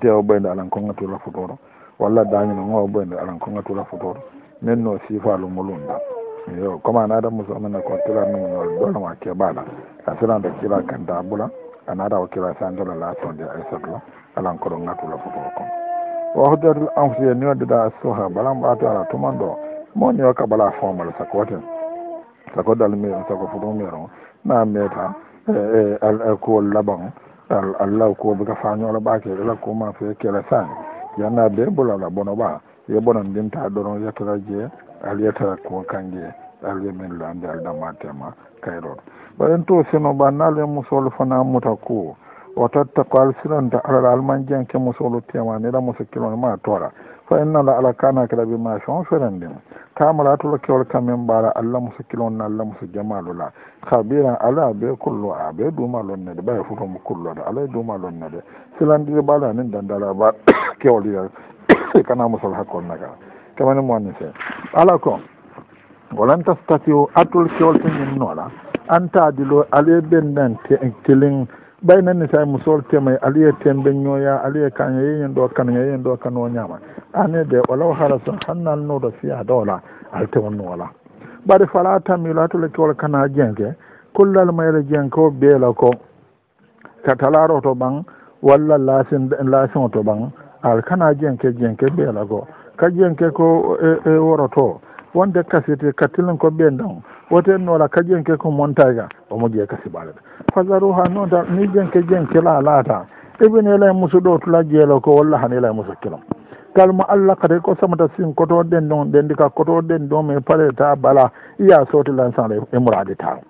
te o ɓoyde alan konga tula futoro walla dañino ngo ɓoyde alan konga tula futoro min no siifaalu muɗum ɗa yo comme an aada muso mine ko tilanumo dolema keɓaɗa a filande kila kanta ɓula an aada o kila sandela laatonde aysatla alan koɗo gatula foto kon waxdetl enfusie niwaddeɗa suha balam ɓaato ala tumanɗo mo niwa ka bala fomal sako wati sako dalmir sako fotomir o na meta e, e, e, kuwol laban allah kuwo ɓe ka fañolo ɓake ela kuma fe kela sane yanna be ɓulala bono ɓa yeɓona ndinta ɗono yettata jeeye alyettata ko kanngue alyemin lande aldamatema kayron ɓaɗen to sino ɓa naale musolo fana muta ku o tatta ko alsiranta alal alman jenke musolo tema neɗa muso kilone ma toora fa innala ala kanake laɓi mation feren ndin tamala tolo kewol kamin mbaɗa allah muso kilone na allah muso jamalu la habiran ala be kullo a be dumalon nede ɓaye fotomo kulloɗa alay dumalon nede silandiri ɓaɗa nin dandala ba <coughs> kewol yeah. <coughs> kana mosol hakkolnaga kamani moanni fe ala ko walan tastatiu atol kewolteñin noola antaadilo aliye ɓendan tilin ɓay nanni sa musol temay aliye tembe ñooya aliye kaña yeyen ɗo kanaa yeyen ɗo kano ñaama ane de walaw harasa hannal nooɗo fiyaada wala al tewannoola ɓaɗi fala tamilo atole kewol kana jenke kullal mayre jenkeo beela ko ka talaaro to ɓan walla lasin lasino to ɓan alkana jenke jenke ɓeelago ka jenke ko e, e woroto wonde kasiti kattilin ko ɓe ndon wote noola ka jenke ko montaga omo jeeye kasibaale ɗe fasaru ha noon ta ni jenke jenke la laata ibine ela musu ɗo tula jeelo ko walla han ela musu kilom kalmo allah kadi ko samata sin koto ɗen ɗon ɗendi ka koto ɗen ɗon mi paleta bala iya sooti lansanle e muradi taw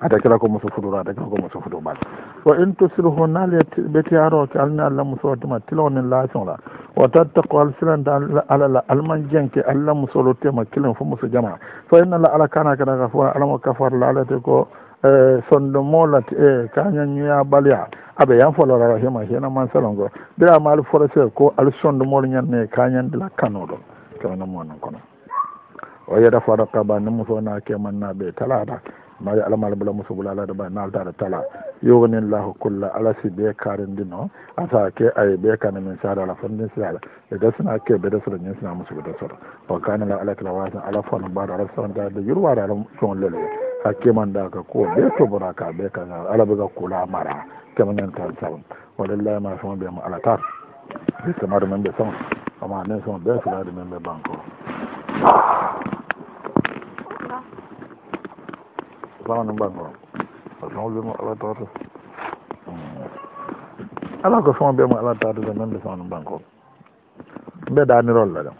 adakira ko muso fuɗoro adakira ko muso fuɗo ɓal so in tosiru ho naali ɓetiyaro ke alni allah musoo tema tilao nin lation la wa tattako al silante ala la alman jeng ke allah musolo tema kilin fo muso jama so inna la ala kana kada ka fo alamo kafar la alate ko eh, sonde molat e eh, kaña ñuya ɓalya aɓe yan folorara hima hena mansalongo ɓira ma al forasé ko al sonde mol ñanne kañandila kanoɗo kewnamo non kono o yeda fo ɗo kaba ni musona ke manna ɓe talaɗa maari alamaala bala musobola alaade ma naaldaade tala yowanillahu kulla alasi ɓe karendi noo asaa ke aye ɓe kane min saada ala fonndin saada e desna ke ɓe desoto ñesina musibo desoto o kane la alakla wasa ala fono mbaɗo ala sonade yurwaade ala coon lele hakkimandaka ko ɓe toboraka ɓe kaa ala ɓega kula mara kemanen tan sabam walillahi ma soma ɓeemo ala tar ɓe semaɗo men ɓe son oma nen son ɓe sulaade men ɓe banque Hmm. sama no mbanno somo biyemo ala tata ala ko somo biyemo ala tata de mende sama no banko mbe danirolle ɗem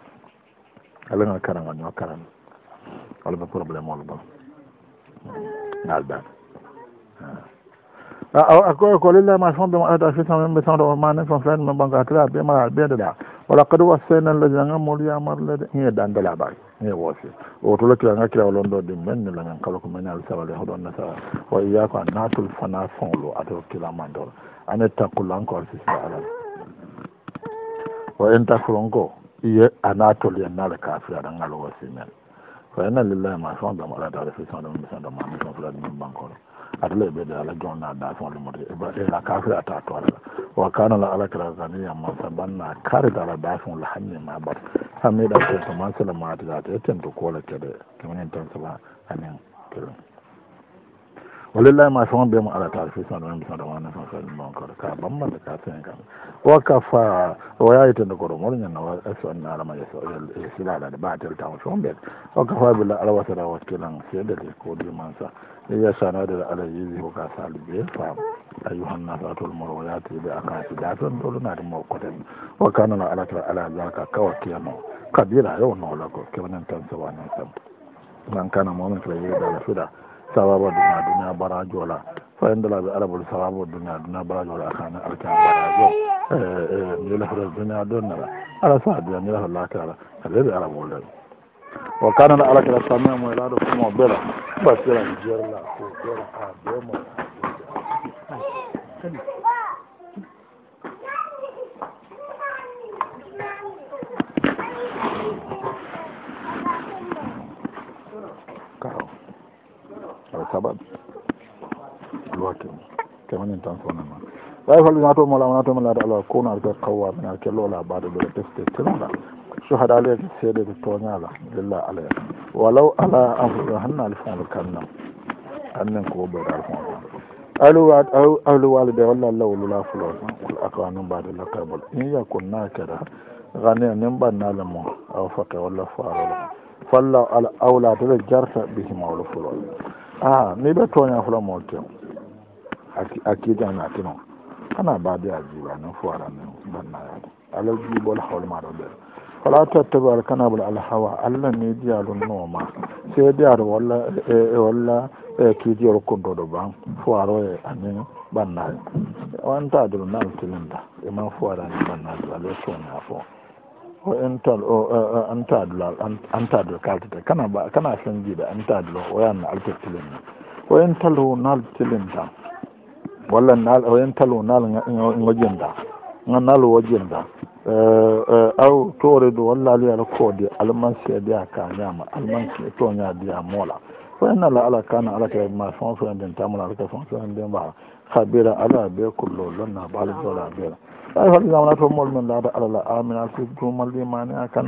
alega karanga ñoo karan wala ɓe probléme ol bon hmm. ngaldan hmm. akolillema ah, ah, somo biyemo ala tata fisa mbe sa mane fon fen me banko atila biyemaa biyede da wala kadi wa senelle jangamol yamarlede ñe dandela ɓaye wose o to lokkila nga kira lon ɗo ɗi mennila men kala ko mene al sawale hoɗon nata o yiya ko a natul fana fonlo ado kilamandor ane takkulla encore sisba alal o en takkulon go ye a natol yen nala kafir aɗa ngal wosi men fa ena lillahi ma son dam aladaresi son dam misan dam ma misan fulani min bankoro ata ley ɓeyde ala jon nadda fon lumorde e la kafir ata toorela wa kana la alakra ganiyama fa banna kari dala dafon la hamni ma bat ha meeɗa tentoma sela matidade e tento kola keɗe kemenen tan sela amin kelum walillahi ma sogo mbiyamo ala taa sisnaɗoɓisnaɗoanasnsnonkoɗo ka bambanɗe ka senkan wa kafa o yayitende koɗo moɗo ñanna soni alama silaɗade batel tan soo mbiyede wa kafa billa ala wasara wakkilan sedete ko diman sa yasanaɗere ala yiwi ko ka sali bee fam ayuhannas atol moro o yatiɓe akaasi daton tolo naade mo coten wa kanano ala ta ala zaka kawa kiyano kabira yownoola ko kewnen tan sowanen sam gan kana momen kla yeydala fiɗa sababa duna duna barajola fayindalaɓe arabol sababa duna duna barajola akane arka barajo milafre duna donnara ala sa duna milafe lakara aɓeɓe arabole o kanala alakala samme mo laɗo fomo bela basira jerla ko bela a bemo kadi kaɓat loake kemanin tan fonema ɓawi falɗi nato mola wonato mi laade alah kono ar ke kawwa min ar ke loola baɗo ɗo e defte tenola sohaɗaleke seeɗe ko toñala lilla alaya walaw ala anfusa hannaali fonɗo kannam annen ko ɓeyɗal fon aawlu walide walla lawlula fulosa ol aka num mbade lakabol in yakun nakeda gani nin ɓannale mo awa faqe walla farola falla ala awlatele jarta ɓihimawlo fulol a ah, mi ɓe tooña fulamo teo a kiitenaati noon ana baadi a jiiba nin fowara ni bannayaade ala jiibol hawl maɗo ɓeen fala tattabiar kana bol alhawa allah ni diyaalu noo ma see diyaaru walla e, e, walla e kiijiyol kuntoɗo ban fowaro e anin bannaye wantaadiru naltilinda e man fowarani bannaade ala tooña fo o intal o entadle entadle kaltete kana ɓa kana sengiɓe entadle o yanno alter tilin ni o intal o nal tilin da walla nal o intal o nal gojin da ga nal wojin da e, e, aw toore du walla aliyala koodi alman seediya ka ñama alman ke toña diya moola فإن على كان على ما فون فون دين تامل على فون فون دين بها خبيرة على بي كله لنا بعد ولا بيرا أي فرق زمان مول من لا على لا آمن أرسل جمل لي مانع كان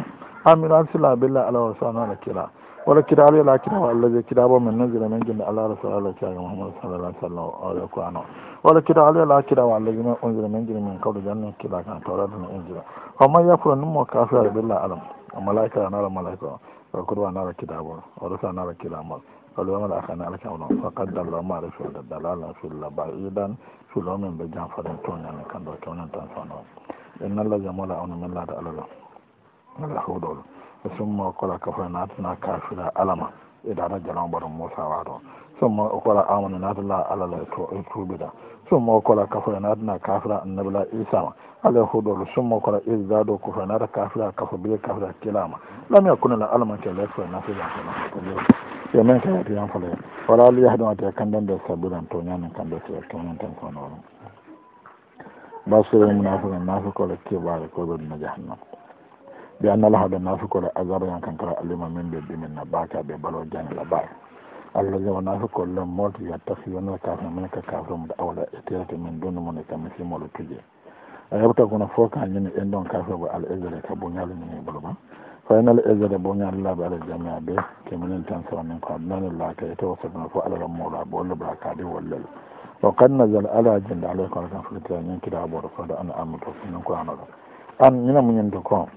آمن سلا بالله على رسولنا لكلا ولا كلا علي لكن هو الذي كتابه من نزل من جن على رسول الله كان محمد صلى الله عليه وسلم ولا كلا علي لا كلا الذي من أنزل من جن من قول جنة كلا كان تورات من أنزل وما يقول نمو كافر بالله علم الملائكة نار الملائكة وكروا نار كتابه ورسل نار كلامه kalwamala akane ala kaw noon faqat dallo maara sulde dalalan sulla ba idan sulo min ɓe janfani toñani kando kewnen tan fa noon en nallage mola awno min laade alala ala hawɗol e summa kola kafoye natana kafira alama idara jalama ɓoto moussa waɗo summa kola amane natala alala e tuɓida summa kola kafoye natana kafira annabila isama ala huɗol summa kola isdado kofoye nata kafira kafo bile kafira kilama lam yakunela alamankele foye nafiakoo yo min ka wati yan fale wala lu yahdum ate kandan de sabiran to ñanin kande sira tonan tan ko noon basiri munafiqa nafikole kibare ko ɓe ɗuna jahannam bi annalaha ɓe nafikole agar yan kankara alima min ɓe ɗimina baka ɓe balo janila baa allah jama nafikole le molti yattaki yonal kafre min ka kafre mude awada etirete min dondu mone kam misimolo tuje a yeɓta kono fo ka ñini en ɗon kafre ɓo al ésiré ka buñalu ñini ɓolo ma final ezere boñal labare jamiaɓe keminen tan sonin ko abnanillaka e tewo sogon fo alalan mola bo lebra kadi wollel o kad nasal ala jinde alay kono kan fulitira ñin kitaboto fode ana amuto ñin ko anoɗo an ñina muñinde ko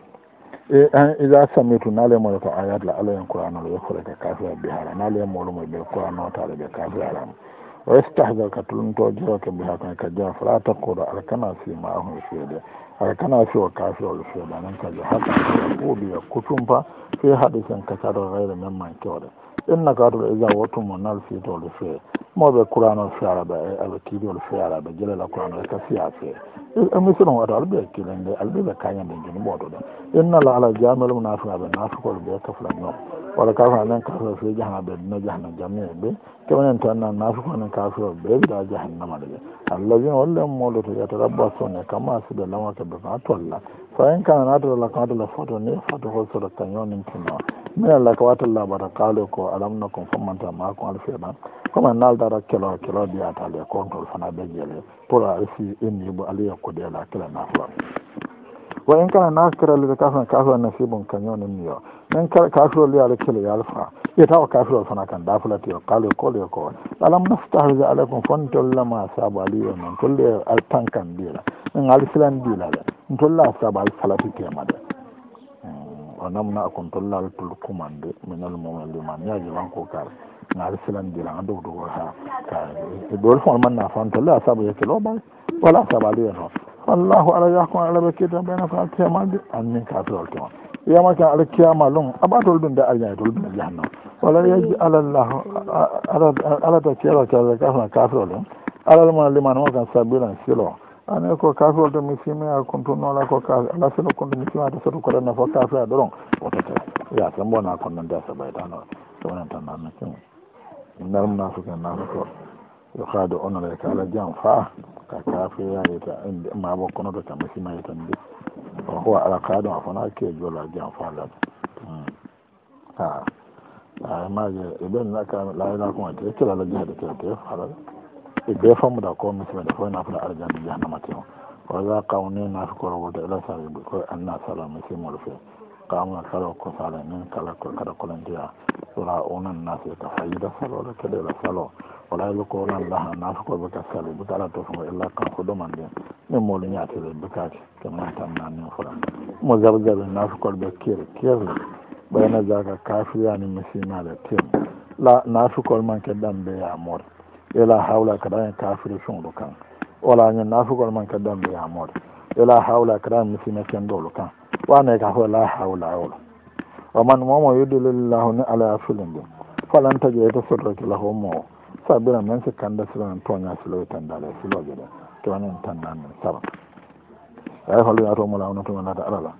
e an yi e ida samitu naale moɗo ko ayat la alayen qouranolo ɓe foreke kafira bihara nalai mai bai moɗumo ɓe qouranotare ɓe kafirarama o stahgar ka tulumto jiroke biha kono ka jara fala taqura alkana ma'ahun ahum feede ay kana fiwa kafiwal feda nan kadi haka kuubi ya kutumpa fi hadisin kasaru ghayri min man kewde inna kadul iza watu mo nal fi tol fe mo be qur'ano fi arabe e eh, al kidul fi arabe jele la qur'ano ka fi afi eh, il e amisuno wa dal be kilende al be kanya be jini bodo inna la ala jamil munafiqa be nafiqol be kafla no walla kaafa nden kaafa fe jahna ɓe ɗuno jahna jamie ɓe kewnen tan nan nafiko nen kaafiro ɓe ɓeɗa jahen namaɗeɓe allahi walle moɗoto yata rabba sone kamma asude lamaka ɓe ka tolla fayin kana natatala kawatala fato ni fato ho soto kañomin tino min allah kawatalla ɓata kaalo ko alamna kom fammanta mako alfeɗan koma naldara kelo kelo diyatale contol fana ɓe jeele pour a resi inibo aliyakkude la kela nafoa wa in kana naftiralli ɓe kafna kafla nasibum kañonen ni yo min kafirol wiyaɗo kelo yalfa ƴetawa kafirol fana kan dafulati yo kalo kolo yo ko alam nastahrise alaykum fon tollama sabu aliyo noon tolli altankan ɗila min alsilan ɗila ɓe tolla sabu alfalati temaɗe o namna kon tollal tol kumande minal mumen liman ñajiwan ko kar ngaari silan dila a dogdogo ha ka ɗol e, e, e, fon manna fan tolla sabu yekkelo ɓay wala sabu aliyo noon allahu ala yahkum alaɓe kedan ɓeyna ko kiyamaɗe anmin ka tolol toon wiyamakan ala kiyama lon aɓa tol ɗum de ariñani tol ɗum e jahannam wala yaji alallah alada kelo kelo kasna kafirol on alalmana limanama kan sabilan silo ane ko kafirol to mi simia kontunola ko ala silo kontu mi simia to soto koɗanna fo kafira e ɗoron ototo yasam bona konnande a saɓaytano ɗonantannanna kim nalmnafuke nafoto yokaade onoleke ala jam faa ka kafeyayita inde ma bo kono to tamasimayitan de o howa ala ka ɗum a fana ke joola jam fa gal a aye hmm. maje e ɓen naka layla kuma te kelala jehade ke te fala e be e famuda ko misimede fo nafuda arjande jahannamatio oya kawni nafi korogoto ela sarib ko anna sala misimol fe kamna kala ko sala min kala kada kolentiya sura unan nafi ka fayida salole keɗela salo wala ɓe kowonan laha nafako ɓe kakkaɓe butala tofongo illa kanko ɗoman ɗen min moolu ñaatiɓe bukaki ke gantanna min fula mo jabjaɓe nafikolɓe kir kirle ɓayna jaka e kafiyani misinaɓe tim la nafikol man keddan ɓe yamore ila hawla kadae kafiri sunɗu kan walañi nafikol man keddan ɓe yamore ila hawla kadae misine kendolu kan wane ka fo la hawla olo waman momo yudililahu ni ala yafilin ɗum falantajeyto sodrokilahu mowo sabira men si kannda silonen tooña silowi tandale silooje ɗen tewanen tannanen sara ay hol yaato mola wona tuma laata alala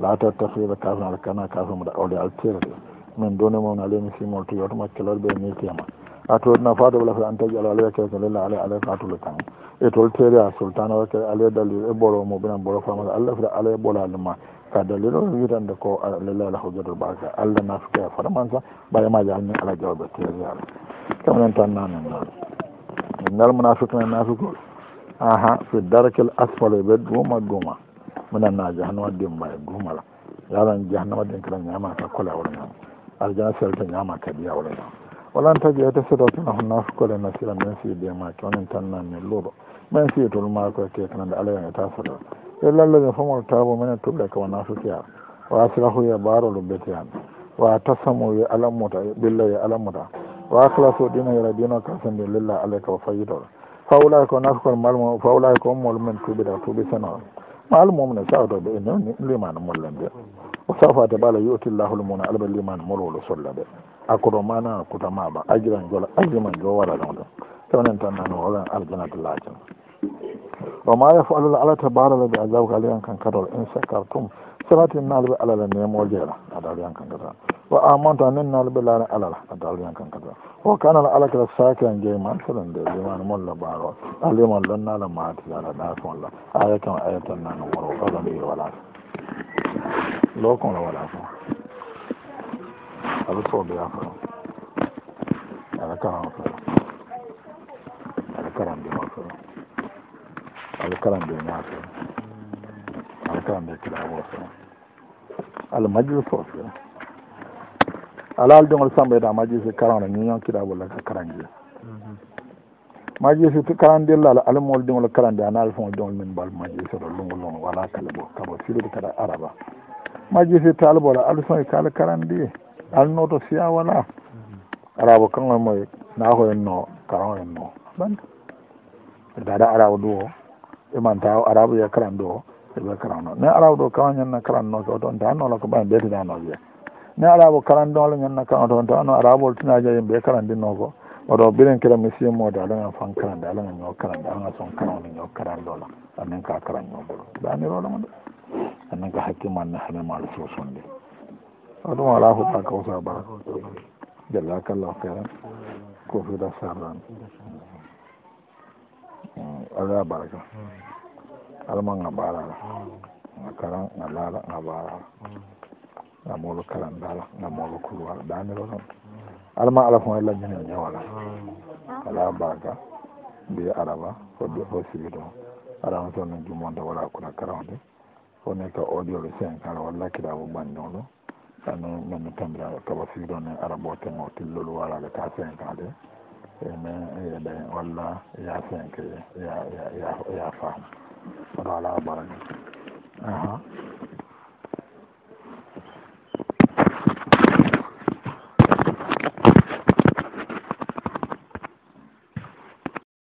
laata tafiɓe kafenal kana kafemoɗa ɗole altirde min duni mumna alimi simol tuyotuma kelol ɓe mitiyama a tuwatna fa dobla fe antaji ala alaya keke lilla ala alay fatulo tan e tol teri a sultane oke alay dalil e ɓolo muɓina ɓolo fama allah fiɗa alay ɓolalima ka dalil o witande ko lilla ala hujjatul baraka allah nafike fadamansa ɓayemaji alni ala jawɓe teriyala kamnen tan nanen nan min dalmana sutene nafigol aha fi daraqe l asfal ɓe duuma duuma minen na jahannama dimbaye duumala yalan jahannama din kata ñama ka kole awla ñam aljana felta ñama kadi awla ñam walan tagi ete seɗo kana ho nafikole nasila min si de ma kewnen tan nanni luuɗo min si tolma ko ke kana e de alayan eta soɗo e lallami fomol tabo minen tuɓɓe kama nafikiyar wa sirahuye baro lu betiyan wa tasamuye alamuta billaye alamuta wa aclaso ɗino yera dino kasendi lillah alayka wa fayidoo fawulay ko nafkol malmu fawulay ko mol min tuɓida tuuɓi senoo malmum ne sawtoɓe ino limana mollen de o safate ɓala yuti llahu lmuna alɓe limana molwolo solla ɓe akoto mana kuta maɓa ajiran jola ajiman jo waɗa ɗon ɗum tewnen tan nan olen aljanat laajan o maya fo alala ala tabarala ɓe a jawka aliyan kankatol in sakartum sewatinnalɓe alala nemo jeera aɗa aliyan kankatal وآمنت أننا بالله على رحمة الله كان كذا وكان على كذا ساكن جاي ما نسلم ده جماعة مولى بارو علي ما لنا لا ما أتي على ناس مولى آية كم آية لنا نمر وقلم يرو ولا لو كنا ولا فو هذا صوب يا فو هذا كلام فو هذا كلام دي ما فو هذا كلام دي ما فو هذا كلام دي كلام فو المجلس فو alaaldingol sambayda majjese karana ñoñon kiɗa walla ka karandie mhm. majjese to karandillal alamol dingol karandi anaal fon dingol min mbal majjese ɗo lungol on wala kala bo kabo fiɗude kada araba majjese taalabol alson e kala karandi alnoto siya wala araba kango moye naako en no karan en no bande e daada araba e du o imanta o araba wiya karandi o eɓe karan o mais araba ɗo kawañanna karannoke o toon ta nola ko ɓaɓe ɓeytidanoje mi alaabo karandiole ñanna kan oto to ano araabol tinajaji mbiye karandinnoko oto ɓiren kira misie mode alagan fan karande alagan ñoo karande alagan son karaone ñoo karandola annen ka karan ñoɓolo daniroolema de annen ka hakkimanne hane maalo sosonde oɗum ala huɓɓaka osa bara jallakallah feren kofida sardan alaa baraka alamanga baarala a karan a laala a baarala ngam wolo kala ndaala ngam wolo couloir ɗaniro noon alama ala fon e lañini ñewala ala mbaga mbi arama fodde fo sigido arama toonno jumonde wala kura karawde fone ka audio le cin kala walla kiɗa bo ɓanñoɗo ano nonno tamira kaba sigido ne arabo tengo tillol walaga ta cinq ans de emin yeɗe e walla ya cinq ya ya ya faam oɗo ala baraga aha